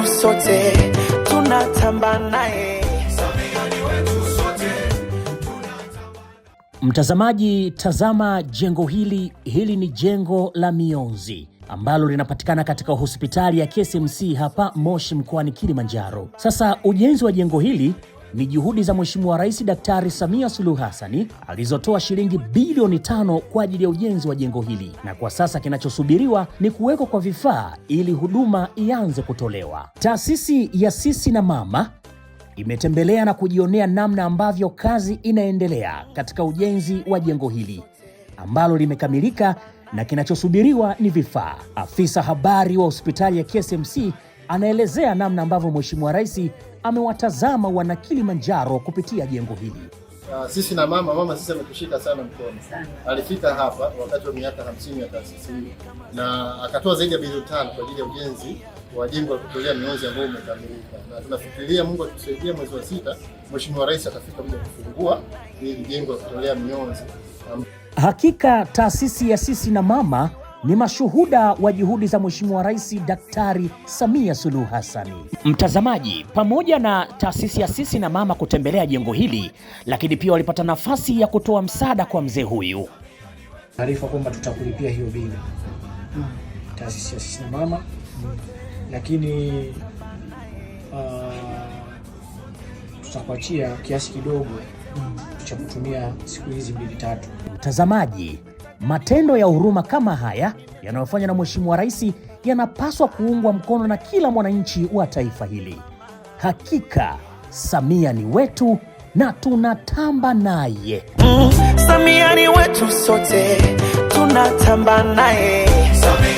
wetu sote tunatamba naye. Mtazamaji, tazama jengo hili. Hili ni jengo la mionzi ambalo linapatikana katika hospitali ya KCMC hapa Moshi mkoani Kilimanjaro. Sasa ujenzi wa jengo hili ni juhudi za Mheshimiwa Rais Daktari Samia Suluhu hasani alizotoa shilingi bilioni tano kwa ajili ya ujenzi wa jengo hili, na kwa sasa kinachosubiriwa ni kuwekwa kwa vifaa ili huduma ianze kutolewa. Taasisi ya Sisi na Mama imetembelea na kujionea namna ambavyo kazi inaendelea katika ujenzi wa jengo hili ambalo limekamilika na kinachosubiriwa ni vifaa. Afisa habari wa hospitali ya ksmc anaelezea namna ambavyo Mheshimiwa Rais amewatazama wana Kilimanjaro kupitia jengo hili. Ah, sisi na mama mama, sisi ametushika sana mkono Alifika hapa wakati wa miaka hamsini ya taasisi hii na akatoa zaidi ya bilioni tano kwa ajili ya ujenzi wa jengo la kutolea mionzi ambayo umekamilika, na tunafikiria Mungu akitusaidia, mwezi wa sita Mheshimiwa Rais atafika kuja kufungua hili jengo la kutolea mionzi. Hakika taasisi ya sisi na mama ni mashuhuda wa juhudi za Mheshimiwa Rais Daktari Samia Suluhu Hassan. Mtazamaji, pamoja na taasisi ya Sisi na Mama kutembelea jengo hili, lakini pia walipata nafasi ya kutoa msaada kwa mzee huyu. Taarifa kwamba tutakulipia hiyo bili, taasisi ya Sisi na Mama, lakini uh, tutakuachia kiasi kidogo cha kutumia siku hizi mbili tatu. Mtazamaji Matendo ya huruma kama haya yanayofanywa na Mheshimiwa Rais yanapaswa kuungwa mkono na kila mwananchi wa taifa hili. Hakika Samia ni wetu na tunatamba naye. Mm, Samia ni wetu sote tunatamba naye.